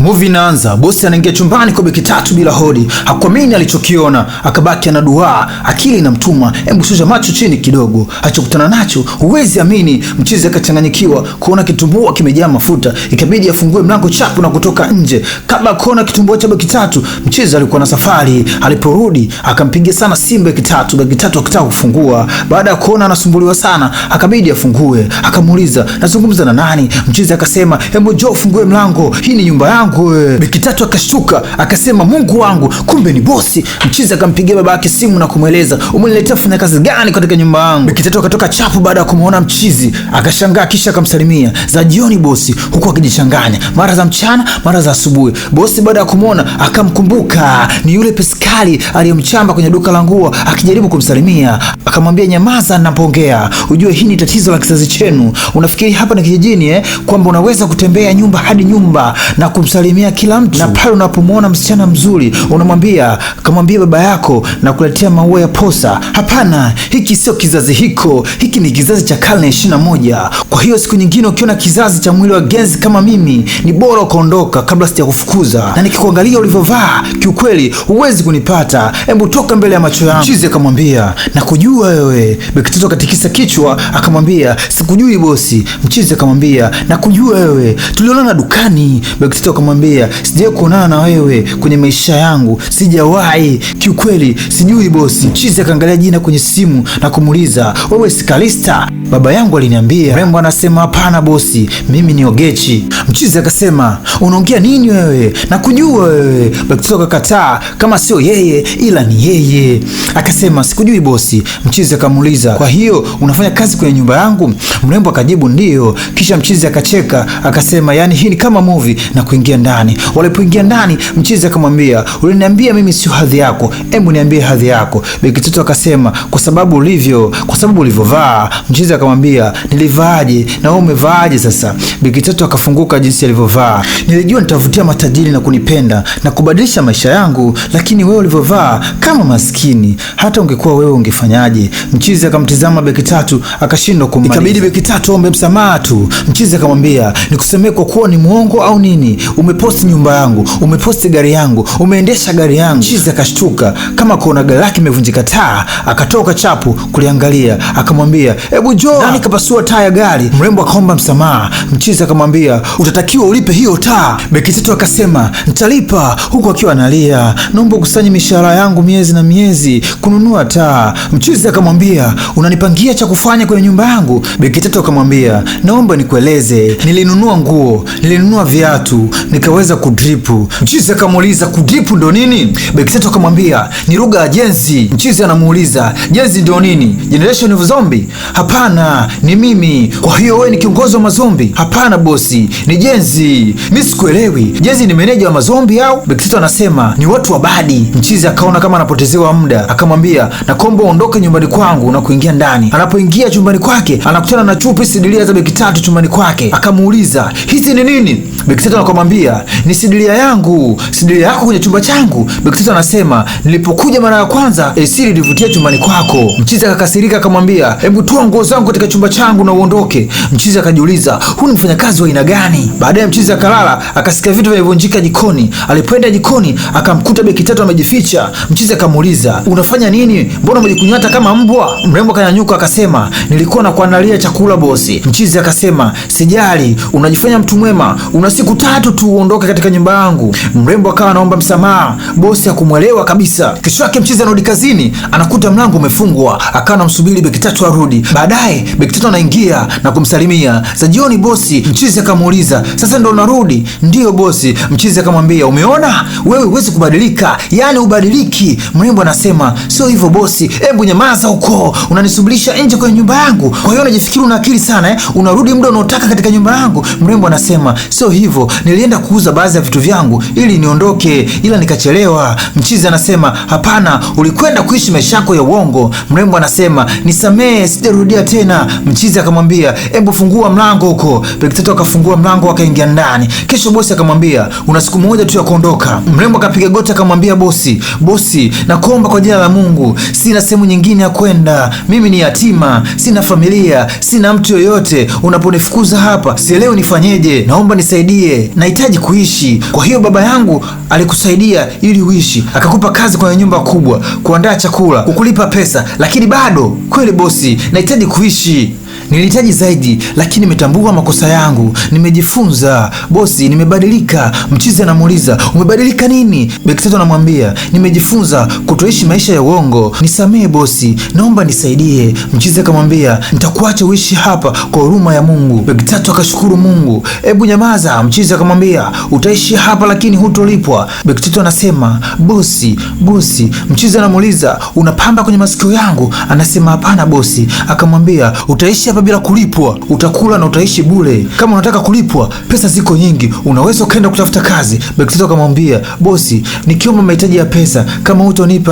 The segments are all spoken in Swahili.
Movie inaanza, bosi anaingia chumbani kwa beki tatu bila hodi, hakuamini alichokiona, akabaki ana duaa, akili inamtuma, hebu shusha macho chini kidogo. Achokutana nacho huwezi amini. Mchizi akachanganyikiwa kuona kitumbua kimejaa mafuta, ikabidi afungue mlango chapu na kutoka nje kabla kuona kitumbua cha beki tatu. Mchizi alikuwa na safari, aliporudi akampigia sana simu beki tatu, beki tatu akitaka kufungua. Baada ya kuona anasumbuliwa sana, akabidi afungue. Akamuuliza, nazungumza na nani? Mchizi akasema, hebu njoo ufungue mlango, hii ni nyumba yangu wangu we. Beki Tatu akashuka akasema, Mungu wangu, kumbe ni bosi. Mchizi akampigia baba yake simu na kumweleza, umeniletea fanya kazi gani katika nyumba yangu? Beki Tatu akatoka chapu baada ya kumwona mchizi, akashangaa kisha akamsalimia. Za jioni bosi, huku akijichanganya mara za mchana mara za asubuhi. Bosi baada ya kumwona akamkumbuka ni yule Paskali aliyemchamba kwenye duka la nguo, akijaribu kumsalimia akamwambia, nyamaza napongea, ujue hii ni tatizo la kizazi chenu. Unafikiri hapa na kijijini eh, kwamba unaweza kutembea nyumba hadi nyumba na kumsalimia kumsalimia kila mtu, na pale unapomwona msichana mzuri unamwambia kamwambia baba yako na kuletea maua ya posa. Hapana, hiki sio kizazi hiko, hiki ni kizazi cha karne ishirini na moja. Kwa hiyo siku nyingine ukiona kizazi cha mwili wa genzi kama mimi, ni bora ukaondoka kabla sijakufukuza, na nikikuangalia ulivyovaa, kiukweli huwezi kunipata. Hebu toka mbele ya macho yangu. Chizi akamwambia nakujua wewe. Bekitoto katikisa kichwa akamwambia sikujui bosi. Mchizi akamwambia kujua wewe, tulionana dukani. Bekitoto akamwambia kumwambia sijai kuonana na wewe kwenye maisha yangu, sijawahi kiukweli, sijui bosi. Chizi akaangalia jina kwenye simu na kumuuliza wewe Sikalista? Baba yangu aliniambia. Mrembo anasema hapana bosi, mimi ni Ogechi. Mchizi akasema unaongea nini wewe, nakujua wewe. Bakito akakataa kama sio yeye ila ni yeye, akasema sikujui bosi. Mchizi akamuuliza kwa hiyo unafanya kazi kwenye nyumba yangu? Mrembo akajibu ndiyo. Kisha mchizi akacheka akasema, yani hii ni kama movie na kuingia ndani. Walipoingia ndani, mchizi akamwambia, uliniambia mimi sio hadhi yako, hebu niambie hadhi yako. Bikitoto akasema, kwa sababu ulivyo, kwa sababu ulivyovaa. Mchizi akamwambia, nilivaaje na wewe umevaaje? Sasa Bikitoto akafunguka jinsi alivyovaa. Nilijua nitavutia matajiri na kunipenda na kubadilisha maisha yangu, lakini wewe ulivyovaa kama maskini, hata ungekuwa wewe ungefanyaje? Mchizi akamtizama Bikitatu akashindwa kumaliza. Ikabidi Bikitatu ombe msamaha tu. Mchizi akamwambia, nikusemee kwa kuwa ni muongo au nini? Ume umeposti nyumba yangu, umeposti gari yangu, umeendesha gari yangu. Chizi akashtuka kama kuona gari lake imevunjika taa, akatoka chapu kuliangalia, akamwambia hebu njoo. Nani kapasua taa ya gari? Mrembo akaomba msamaha, mchizi akamwambia utatakiwa ulipe hiyo taa. Bekiteto akasema ntalipa huku akiwa analia, naomba ukusanye mishahara yangu miezi na miezi kununua taa. Mchizi akamwambia unanipangia cha kufanya kwenye nyumba yangu? Bekiteto akamwambia naomba nikueleze, nilinunua nguo, nilinunua viatu, nikaweza kudripu. Mchizi akamuuliza kudripu ndo nini? Bekiseto akamwambia ni lugha ya jenzi. Mchizi anamuuliza jenzi ndo nini? Generation of zombie? Hapana, ni mimi. Kwa hiyo wewe ni kiongozi wa mazombi? Hapana bosi, ni jenzi. Mi sikuelewi, jenzi ni meneja wa mazombi au? Bekiseto anasema ni watu wa badi. Mchizi akaona kama anapotezewa muda, akamwambia nakomba uondoke nyumbani kwangu na kuingia ndani. Anapoingia chumbani kwake anakutana na chupi sidilia za Bekitatu chumbani kwake, akamuuliza hizi ni nini? Bekiseto akamwambia haleluya, ni sidilia yangu, sidilia yako kwenye chumba changu. Bekitito anasema nilipokuja mara ya kwanza Esili eh, ilivutia chumbani kwako. Mchizi akakasirika akamwambia, hebu toa nguo zangu katika chumba changu na uondoke. Mchizi akajiuliza, huu ni mfanyakazi wa aina gani? Baadaye mchizi akalala, akasikia vitu vimevunjika jikoni. Alipoenda jikoni akamkuta bekitatu amejificha. Mchizi akamuuliza, unafanya nini? Mbona umejikunyata kama mbwa? Mrembo akanyanyuka akasema, nilikuwa na kuandalia chakula bosi. Mchizi akasema, sijali, unajifanya mtu mwema, una siku tatu tu tu uondoke katika nyumba yangu. Mrembo akawa anaomba msamaha, bosi hakumwelewa kabisa. Kesho yake mchizi anarudi kazini, anakuta mlango umefungwa, akawa anamsubiri beki tatu arudi. Baadaye beki tatu anaingia na kumsalimia. Za jioni, bosi mchizi akamuuliza, sasa ndo unarudi? Ndiyo bosi, mchizi akamwambia, umeona wewe huwezi kubadilika, yaani ubadiliki. Mrembo anasema, sio hivyo bosi, hebu nyamaza huko, unanisubirisha nje kwenye nyumba yangu. Kwa hiyo unajifikiri una akili sana eh? Unarudi muda unaotaka katika nyumba yangu. Mrembo anasema, sio hivyo, nilienda nilienda kuuza baadhi ya vitu vyangu ili niondoke, ila nikachelewa. Mchizi anasema hapana, ulikwenda kuishi maisha yako ya uongo. Mrembo anasema nisamehe, sijarudia tena. Mchizi akamwambia hebu fungua mlango huko. Pekitatu akafungua mlango akaingia ndani. Kesho bosi akamwambia una siku moja tu ya kuondoka. Mrembo akapiga goti akamwambia bosi, bosi, nakuomba kwa jina la Mungu, sina sehemu nyingine ya kwenda. Mimi ni yatima, sina familia, sina mtu yoyote. Unaponifukuza hapa, sielewi nifanyeje. Naomba nisaidie, nahitaji unahitaji kuishi. Kwa hiyo baba yangu alikusaidia ili uishi, akakupa kazi kwenye nyumba kubwa, kuandaa chakula, kukulipa pesa, lakini bado kweli bosi, nahitaji kuishi. Nilihitaji zaidi, lakini nimetambua makosa yangu, nimejifunza. Bosi, nimebadilika. Mchizi anamuuliza umebadilika nini? Bekteto anamwambia nimejifunza kutoishi maisha ya uongo. Nisamehe bosi, naomba nisaidie. Mchizi akamwambia nitakuacha uishi hapa kwa huruma ya Mungu. Bekteto akashukuru Mungu. Ebu nyamaza, mchizi akamwambia utaishi hapa lakini hutolipwa. Bekteto anasema bosi, bosi. Mchizi anamuuliza unapamba kwenye masikio yangu? Anasema hapana bosi. Akamwambia utaishi hapa bila kulipwa, utakula na utaishi bure. Kama unataka kulipwa, pesa ziko nyingi, unaweza ukaenda kutafuta kazi. Backstreet akamwambia bosi, nikiomba mahitaji ya pesa kama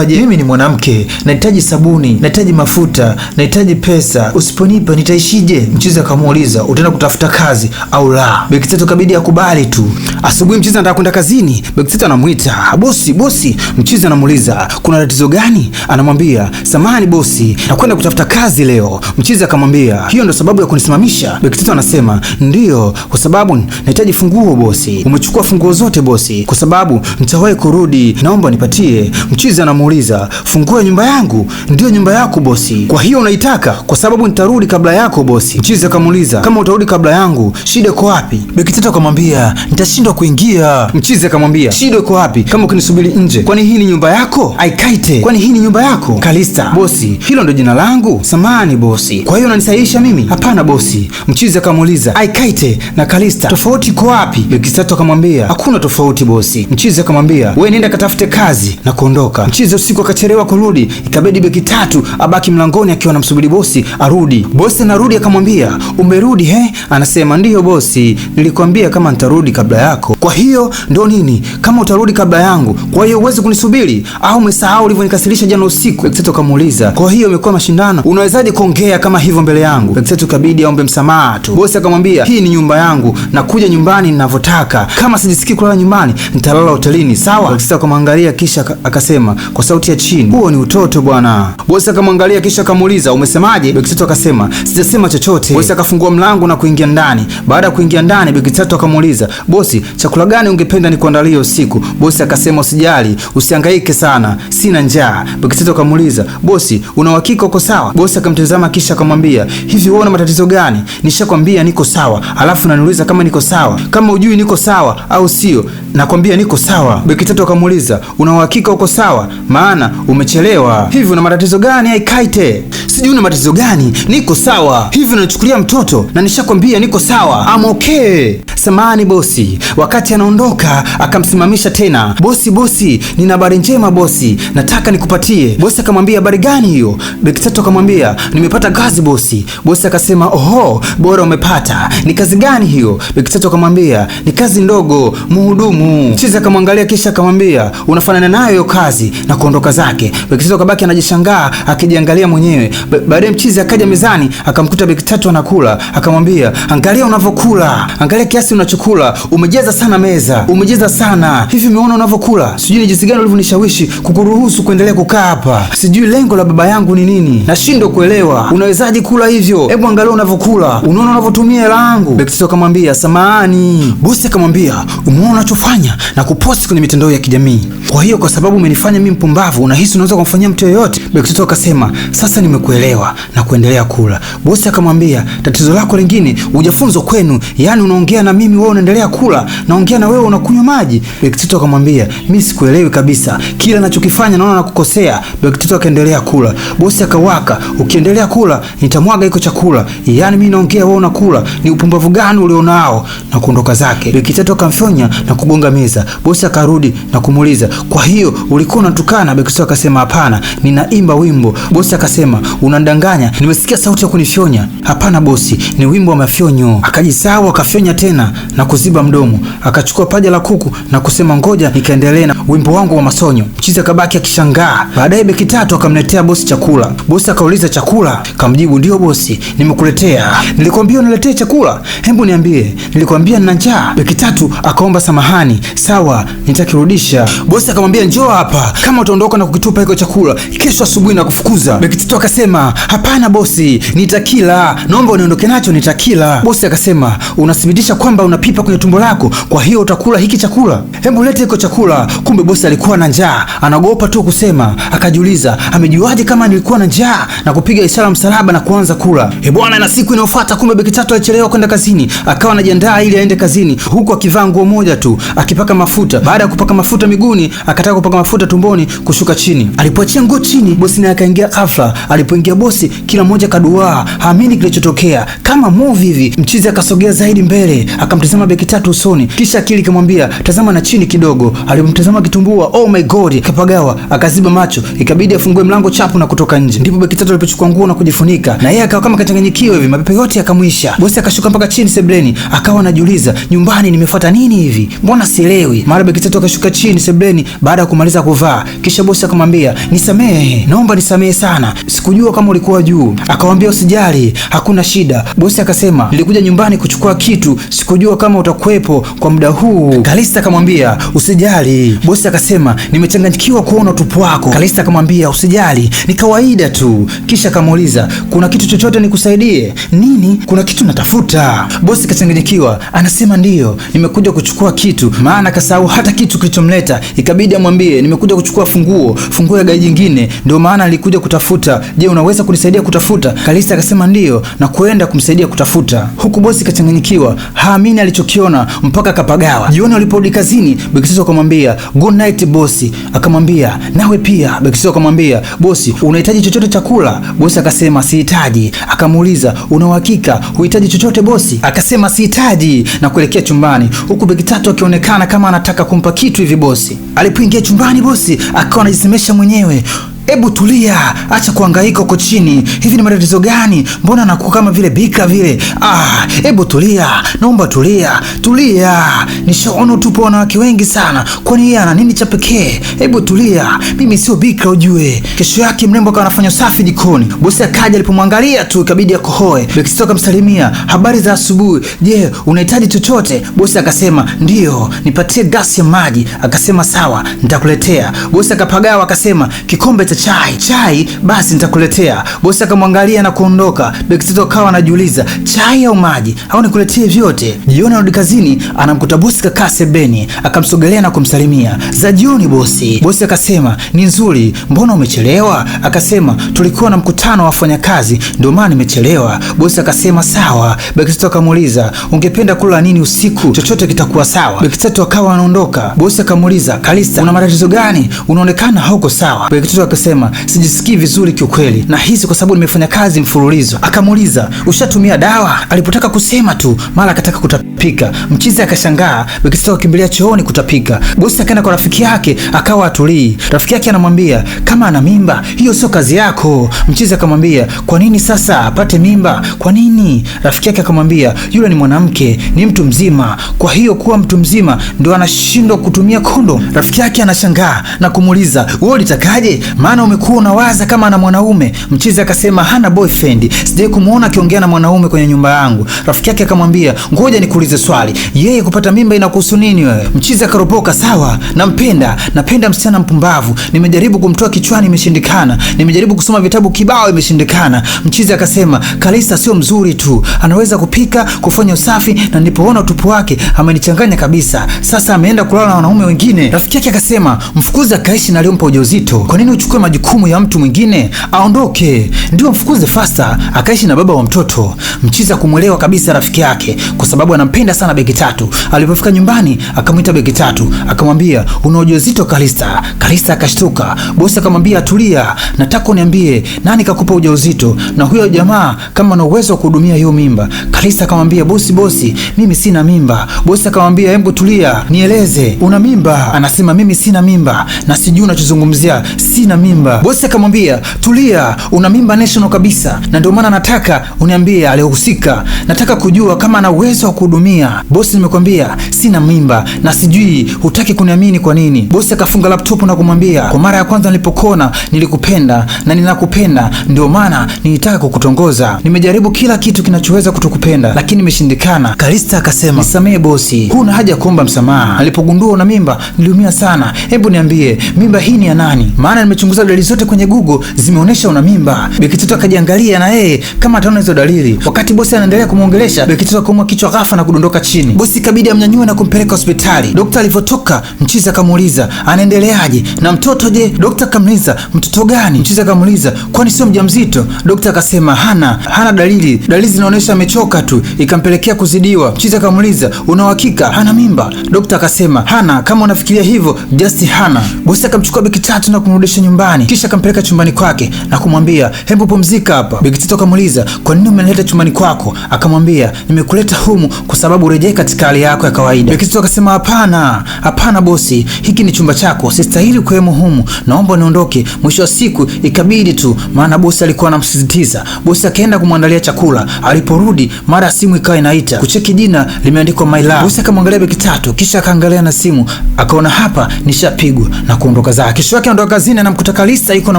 je? Mimi ni mwanamke, nahitaji sabuni, nahitaji mafuta, nahitaji pesa, usiponipa nitaishije? Mchizi akamuuliza utaenda kutafuta kazi au la? Backstreet kabidi akubali tu. Asubuhi mchizi anataka kwenda kazini, Backstreet anamuita bosi, bosi. Mchizi anamuuliza kuna tatizo gani? Anamwambia samahani bosi, nakwenda kutafuta kazi leo. Mchizi akamwambia hiyo ndo sababu ya kunisimamisha? Bekitito anasema ndiyo, kwa sababu nahitaji funguo bosi. Umechukua funguo zote bosi, kwa sababu nitawahi kurudi, naomba nipatie. Mchizi anamuuliza funguo ya nyumba yangu? Ndiyo nyumba yako bosi, kwa hiyo unaitaka? Kwa sababu nitarudi kabla yako bosi. Mchizi akamuuliza kama utarudi kabla yangu, shida iko wapi? Bekitito akamwambia nitashindwa kuingia. Mchizi akamwambia shida iko wapi kama ukinisubiri nje? Kwani hii ni nyumba yako? Aikaite, kwani hii ni nyumba yako? Kalista bosi, hilo ndo jina langu. Samani bosi, kwa hiyo unanisahihisha mimi? Hapana bosi. Mchizi akamuuliza Aikaite na Kalista tofauti iko wapi? Bekisato akamwambia hakuna tofauti bosi. Mchizi akamwambia wewe nenda katafute kazi na kuondoka. Mchizi usiku akachelewa kurudi, ikabidi Bekitatu abaki mlangoni akiwa anamsubiri bosi arudi. Bosi anarudi akamwambia umerudi he? Anasema ndiyo bosi, nilikwambia kama nitarudi kabla yako. Kwa hiyo ndo nini kama utarudi kabla yangu? Kwa hiyo uweze kunisubiri au umesahau ulivyonikasirisha jana usiku? Bekitatu akamuuliza kwa hiyo umekuwa mashindano, unawezaje kuongea kama hivyo mbele yangu? Wenzetu kabidi aombe msamaha tu. Bosi akamwambia hii ni nyumba yangu, nakuja nyumbani ninavyotaka. Kama sijisikii kulala nyumbani, nitalala hotelini, sawa? Bosi akamwangalia kisha akasema kwa sauti ya chini, huo ni utoto bwana. Bosi akamwangalia kisha akamuuliza, umesemaje? Bekitatu akasema sijasema chochote. Bosi akafungua mlango na kuingia ndani. Baada ya kuingia ndani, Bekitatu akamuuliza bosi, chakula gani ungependa nikuandalie usiku? Bosi akasema usijali, usihangaike sana, sina njaa. Bekitatu akamuuliza bosi, una uhakika uko sawa? Bosi akamtazama kisha akamwambia hivi hivi wewe una matatizo gani? Nishakwambia niko sawa, alafu unaniuliza kama niko sawa. Kama ujui niko sawa au sio? Nakwambia niko sawa. Beki tatu akamuuliza, una uhakika uko sawa? Maana umechelewa. Hivi una matatizo gani? Aikaite sijui una matatizo gani? Niko sawa. Hivi unachukulia mtoto na nishakwambia niko sawa. I'm okay. Samahani bosi. Wakati anaondoka akamsimamisha tena. Bosi, bosi, nina habari njema bosi, nataka nikupatie. Bosi akamwambia habari gani hiyo? Beki tatu akamwambia nimepata kazi bosi. bosi bosi akasema oho, bora umepata. Ni kazi gani hiyo? Beki Tatu akamwambia ni kazi ndogo, mhudumu. Mchizi akamwangalia kisha akamwambia unafanana nayo hiyo kazi, na kuondoka zake. Beki Tatu akabaki anajishangaa akijiangalia mwenyewe. Baadaye mchizi akaja mezani akamkuta Beki Tatu anakula, akamwambia angalia unavyokula, angalia kiasi unachokula, umejeza sana meza, umejeza sana hivi, umeona unavyokula. Sijui ni jinsi gani ulivyonishawishi kukuruhusu kuendelea kukaa hapa, sijui lengo la baba yangu ni nini, nashindwa kuelewa. Unawezaje kula hivyo? hiyo, hebu angalia unavyokula, unaona unavyotumia hela yangu. Bekito akamwambia samahani. Bosi akamwambia umeona unachofanya na kuposti kwenye mitandao ya kijamii, kwa hiyo kwa sababu umenifanya mimi mpumbavu, unahisi unaweza kumfanyia mtu yoyote? Bekito akasema sasa nimekuelewa na kuendelea kula. Bosi akamwambia tatizo lako lingine hujafunzwa kwenu, yaani unaongea na mimi wewe unaendelea kula, naongea na wewe unakunywa maji. Bekito akamwambia mimi sikuelewi kabisa, kila nachokifanya naona nakukosea. Bekito akaendelea kula, bosi akawaka, ukiendelea kula nitamwaga iko chakula, yaani mimi naongea wewe unakula, ni upumbavu gani ulionao? Na kuondoka zake. Wiki tatu akamfyonya na kugonga meza. Bosi akarudi na kumuuliza, kwa hiyo ulikuwa unatukana? Bekiso akasema hapana, ninaimba wimbo. Bosi akasema unandanganya, nimesikia sauti ya kunifyonya. Hapana bosi, ni wimbo wa mafyonyo. Akajisahau akafyonya tena na kuziba mdomo. Akachukua paja la kuku na kusema ngoja nikaendelee na wimbo wangu wa masonyo. Mchizi akabaki akishangaa. Baadaye Beki tatu akamletea bosi chakula. Bosi akauliza chakula, kamjibu ndio bosi nimekuletea. Nilikwambia uniletee chakula, hebu niambie. Nilikwambia nina njaa. Wiki tatu akaomba samahani, sawa, nitakirudisha. Bosi akamwambia njoo hapa, kama utaondoka na kukitupa hiko chakula, kesho asubuhi na kufukuza. Wiki tatu akasema hapana bosi, nitakila, naomba uniondoke nacho, nitakila. Bosi akasema unathibitisha kwamba unapipa kwenye tumbo lako, kwa hiyo utakula hiki chakula? Hebu lete hiko chakula. Kumbe bosi alikuwa na njaa, anaogopa tu kusema. Akajiuliza amejuaje kama nilikuwa na njaa, na kupiga ishara msalaba na kuanza kula kuondoka. Eh, e bwana, na siku inayofuata kumbe Beki Tatu alichelewa kwenda kazini, akawa anajiandaa ili aende kazini, huku akivaa nguo moja tu, akipaka mafuta. Baada ya kupaka mafuta miguuni, akataka kupaka mafuta tumboni, kushuka chini. Alipoachia nguo chini, bosi naye akaingia ghafla. Alipoingia bosi, kila mmoja kaduaa, haamini kilichotokea, kama movie hivi. Mchizi akasogea zaidi mbele, akamtazama Beki Tatu usoni, kisha akili ikamwambia tazama na chini kidogo. Alimtazama kitumbua, oh my god, kapagawa, akaziba macho, ikabidi afungue mlango chapu na kutoka nje. Ndipo Beki Tatu alipochukua nguo na kujifunika, na yeye akawa kama kama kachanganyikiwa hivi, mapepo yote yakamwisha. Bosi akashuka mpaka chini sebleni, akawa anajiuliza nyumbani nimefuata nini hivi, mbona sielewi? Mara beki tatu akashuka chini sebleni baada ya kumaliza kuvaa, kisha bosi akamwambia nisamehe, naomba nisamehe sana, sikujua kama ulikuwa juu. Akamwambia usijali, hakuna shida. Bosi akasema nilikuja nyumbani kuchukua kitu, sikujua kama utakuwepo kwa muda huu. Kalista akamwambia usijali. Bosi akasema nimechanganyikiwa kuona utupu wako. Kalista akamwambia usijali, ni kawaida tu, kisha akamuuliza kuna kitu chochote nikusaidie nini? Kuna kitu natafuta. Bosi kachanganyikiwa, anasema ndiyo, nimekuja kuchukua kitu, maana kasahau hata kitu kilichomleta, ikabidi amwambie nimekuja kuchukua funguo, funguo ya gari jingine, ndio maana alikuja kutafuta. Je, unaweza kunisaidia kutafuta? Kalisa akasema ndiyo, na kuenda kumsaidia kutafuta, huku bosi kachanganyikiwa, haamini alichokiona mpaka kapagawa. Jioni waliporudi kazini, Bekisizo akamwambia good night bosi, akamwambia nawe pia. Bekisizo akamwambia bosi, unahitaji chochote chakula? Bosi akasema sihitaji. Akamuuliza, una uhakika huhitaji chochote bosi? Akasema sihitaji, na kuelekea chumbani, huku begi tatu akionekana kama anataka kumpa kitu hivi bosi. Alipoingia chumbani, bosi akawa anajisemesha mwenyewe Ebu tulia, acha kuangaika huko chini. Hivi ni matatizo gani? Mbona nakuwa kama vile bika vile? Ah, ebu tulia, naomba tulia, tulia. Nishaona tupo wanawake wengi sana, kwani yeye ana nini cha pekee? Ebu tulia, mimi sio bika ujue. Kesho yake mrembo akawa anafanya usafi jikoni, bosi akaja, alipomwangalia tu ikabidi akohoe. Bekisto akamsalimia, habari za asubuhi, je, unahitaji chochote? Bosi akasema ndiyo, nipatie gasi ya maji. Akasema sawa, nitakuletea. Bosi akapagawa, akasema kikombe cha chai chai, basi nitakuletea. Bosi akamwangalia na kuondoka. Bekteto akawa anajiuliza chai au maji au nikuletee vyote. Jioni anarudi kazini, anamkuta bosi kakaa sebeni, akamsogelea na kumsalimia za jioni bosi. Bosi akasema ni nzuri, mbona umechelewa? Akasema tulikuwa na mkutano wa wafanyakazi ndio maana nimechelewa. Bosi akasema sawa. Bekteto akamuuliza ungependa kula nini usiku? Chochote kitakuwa sawa. Bekteto akawa anaondoka. Bosi akamuuliza Kalista, una matatizo gani? Unaonekana hauko sawa. Bekteto akasema akisema sijisikii vizuri kiukweli, na hisi kwa sababu nimefanya kazi mfululizo. Akamuuliza ushatumia dawa? Alipotaka kusema tu, mara akataka kutapika. Mchizi akashangaa, Bikisita kukimbilia chooni kutapika. Bosi akaenda kwa rafiki yake, akawa atulii. Rafiki yake anamwambia kama ana mimba, hiyo sio kazi yako. Mchizi akamwambia kwa nini sasa apate mimba? Kwa nini? Rafiki yake akamwambia yule ni mwanamke, ni mtu mzima, kwa hiyo kuwa mtu mzima ndio anashindwa kutumia kondom. Rafiki yake anashangaa na kumuuliza wewe ulitakaje? maana maana umekuwa unawaza kama ana mwanaume. Mchizi akasema hana boyfriend, sijai kumuona akiongea na mwanaume kwenye nyumba yangu. Rafiki yake akamwambia ngoja nikuulize swali, yeye kupata mimba inakuhusu nini wewe? Mchizi akaropoka, sawa, nampenda, napenda msichana mpumbavu, nimejaribu kumtoa kichwani, imeshindikana, nimejaribu kusoma vitabu kibao, imeshindikana. Mchizi akasema Kalisa sio mzuri tu, anaweza kupika, kufanya usafi, na nilipoona utupu wake amenichanganya kabisa. Sasa ameenda kulala na wanaume wengine. Rafiki yake akasema mfukuze, akaishi na aliyompa ujauzito. Kwa nini uchukue majukumu ya mtu mwingine aondoke, ndio mfukuze Fasta akaishi na baba wa mtoto. Mchiza kumwelewa kabisa rafiki yake kwa sababu anampenda sana Beki Tatu. Alipofika nyumbani akamwita Beki Tatu akamwambia una ujauzito Kalista. Kalista akashtuka. Bosi akamwambia tulia, nataka uniambie nani kakupa ujauzito na huyo jamaa kama ana uwezo wa kuhudumia hiyo mimba. Kalista akamwambia bosi, bosi, mimi sina mimba. Bosi akamwambia hebu tulia, nieleze una mimba? Anasema mimi sina mimba na sijui unachozungumzia, sina mimba mimba. Bosi akamwambia tulia, una mimba national kabisa, na ndio maana nataka uniambie aliyohusika. Nataka kujua kama ana uwezo wa kuhudumia. Bosi, nimekwambia sina mimba na sijui, hutaki kuniamini kwa nini? Bosi akafunga laptop na kumwambia, kwa mara ya kwanza nilipokona nilikupenda na ninakupenda, ndio maana nilitaka kukutongoza. Nimejaribu kila kitu kinachoweza kutokupenda, lakini imeshindikana. Kalista akasema, nisamehe bosi, huna haja ya kuomba msamaha. Alipogundua una mimba niliumia sana. Hebu niambie, mimba hii ni ya nani? Maana nimechunguza dalili zote kwenye Google zimeonyesha una mimba. Bikitoto akajiangalia na yeye kama ataona hizo dalili. Wakati bosi anaendelea kumuongelesha, Bikitoto akaumwa kichwa ghafla na kudondoka chini. Bosi ikabidi amnyanyue na kumpeleka hospitali. Daktari alivyotoka, mchizi akamuuliza anaendeleaje na mtoto je? Daktari akamuuliza mtoto gani? Mchizi akamuuliza kwani sio mjamzito? Daktari akasema hana hana dalili, dalili zinaonyesha amechoka tu, ikampelekea kuzidiwa. Mchizi akamuuliza una uhakika hana mimba? Daktari akasema hana, kama unafikiria hivyo just hana. Bosi akamchukua Bikitoto na kumrudisha nyumbani nyumbani, kisha akampeleka chumbani kwake na kumwambia hebu pumzika hapa. Big Tito akamuuliza kwa nini umenileta chumbani kwako? Akamwambia nimekuleta humu kwa sababu urejee katika hali yako ya kawaida. Big Tito akasema hapana, hapana bosi, hiki ni chumba chako, sistahili kuwemo humu, naomba niondoke. Mwisho wa siku ikabidi tu, maana bosi alikuwa anamsisitiza. Bosi akaenda kumwandalia chakula, aliporudi mara simu ikawa inaita, kucheki jina limeandikwa my love. Bosi akamwangalia Big Tito, kisha akaangalia na simu, akaona hapa nishapigwa na kuondoka zake. Kesho yake anaondoka kazini anamkuta Kalista yuko na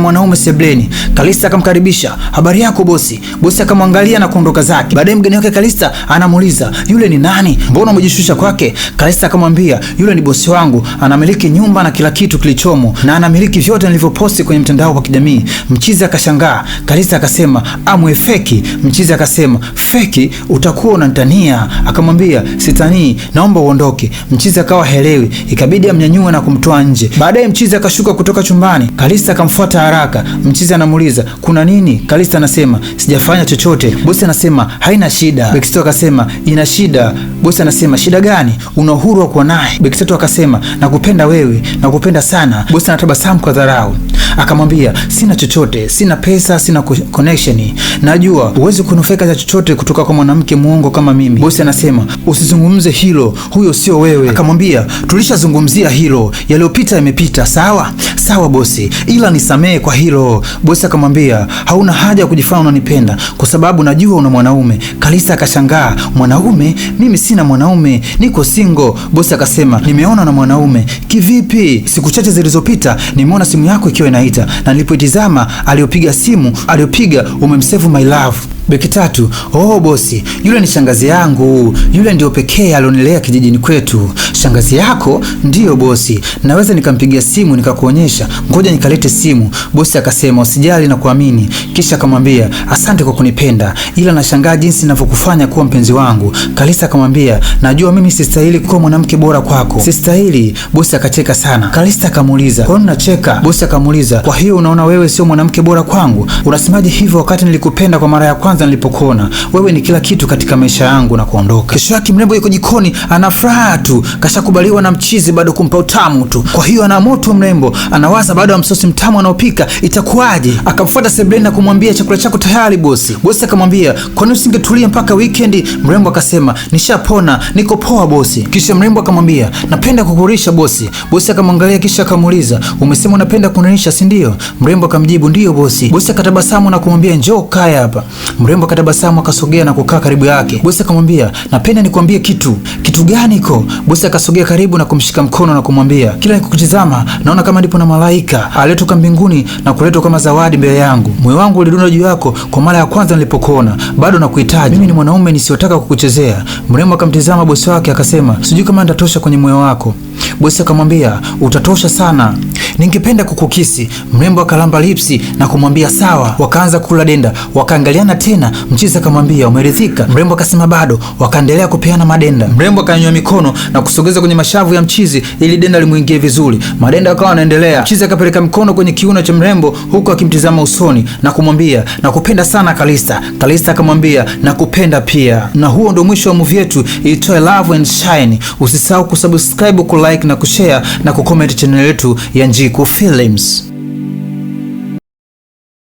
mwanaume sebleni. Kalista akamkaribisha, habari yako bosi. Bosi akamwangalia na kuondoka zake. Baadaye mgeni wake Kalista anamuuliza yule ni nani, mbona umejishusha kwake? Kalista akamwambia yule ni bosi wangu, anamiliki nyumba na kila kitu kilichomo na anamiliki vyote nilivyoposti kwenye mtandao wa kijamii. Mchizi akashangaa. Kalista akasema amwe feki. Mchizi akasema feki, utakuwa unanitania. Akamwambia sitanii, naomba uondoke. Mchizi akawa helewi, ikabidi amnyanyue na kumtoa nje. Baadaye mchizi akashuka kutoka chumbani Kalista Kalista akamfuata haraka. Mchizi anamuuliza kuna nini? Kalista anasema sijafanya chochote. Bosi anasema haina shida. bekisto akasema ina shida. Bosi anasema shida gani? Una uhuru wa kuwa naye. bekisto akasema nakupenda wewe, nakupenda sana. Bosi anatabasamu kwa dharau, akamwambia sina chochote, sina pesa, sina connection, najua huwezi kunufaika cha chochote kutoka kwa mwanamke muongo kama mimi. Bosi anasema usizungumze hilo, huyo sio wewe. Akamwambia tulishazungumzia hilo, yaliyopita yamepita. Sawa sawa bosi ila nisamehe kwa hilo. Bosi akamwambia hauna haja ya kujifanya unanipenda kwa sababu najua una mwanaume. Kalisa akashangaa, mwanaume? Mimi sina mwanaume, niko single. Bosi akasema nimeona na mwanaume. Kivipi? Siku chache zilizopita nimeona simu yako ikiwa inaita, na nilipoitizama aliyopiga simu aliyopiga umemsevu my love. Beki tatu. Oh bosi, yule ni shangazi yangu, yule ndio pekee alionelea kijijini kwetu. Shangazi yako? Ndiyo bosi, naweza nikampigia simu nikakuonyesha? Ngoja nikalete simu. Bosi akasema usijali na kuamini, kisha akamwambia asante kwa kunipenda, ila nashangaa jinsi ninavyokufanya kuwa mpenzi wangu. Kalisa akamwambia najua mimi sistahili kuwa mwanamke bora kwako, sistahili. Bosi akacheka sana. Kalisa akamuuliza kwa nini nacheka? Bosi akamuuliza kwa hiyo unaona wewe sio mwanamke bora kwangu? Unasemaje hivyo wakati nilikupenda kwa mara ya kwanza kwanza nilipokuona wewe ni kila kitu katika maisha yangu na kuondoka. Kesho yake mrembo yuko jikoni ana furaha tu, kashakubaliwa na mchizi bado kumpa utamu tu. Kwa hiyo ana moto mrembo, anawaza bado ya msosi mtamu anaopika itakuwaje. Akamfuata Sebleni na kumwambia chakula chako tayari bosi. Bosi akamwambia kwani usingetulia mpaka weekend? Mrembo akasema nishapona, niko poa bosi. Kisha mrembo akamwambia napenda kukurisha bosi. Bosi akamwangalia kisha akamuuliza umesema unapenda kunirisha si ndio? Mrembo akamjibu ndio bosi. Bosi akatabasamu na kumwambia njoo kaya hapa. Mrembo akatabasamu akasogea na kukaa karibu yake. Bosi akamwambia, napenda nikwambie kitu. Kitu gani iko? Bosi akasogea karibu na kumshika mkono na kumwambia, kila nikukutizama naona kama ndipo na malaika aliyetoka mbinguni na kuletwa kama zawadi mbele yangu. Moyo wangu ulidunda juu yako kwa mara ya kwanza nilipokuona, bado nakuhitaji. Mimi ni mwanaume nisiyotaka kukuchezea. Mrembo akamtizama bosi wake akasema, sijui kama nitatosha kwenye moyo wako. Bosi akamwambia, utatosha sana ningependa kukukisi. Mrembo akalamba lipsi na kumwambia sawa. Wakaanza kula denda, wakaangaliana tena. Mchizi akamwambia umeridhika? Mrembo akasema bado. Wakaendelea kupeana madenda. Mrembo akanyanyua mikono na kusogeza kwenye mashavu ya mchizi ili denda limuingie vizuri. Madenda akawa anaendelea. Mchizi akapeleka mkono kwenye kiuno cha mrembo huku akimtizama usoni na kumwambia nakupenda sana Kalista. Kalista akamwambia nakupenda pia. Na huo ndio mwisho wa movie yetu iitwayo Love and Shine. Usisahau kusubscribe, kulike na kushare na kucomment channel yetu ya Njili indico filmes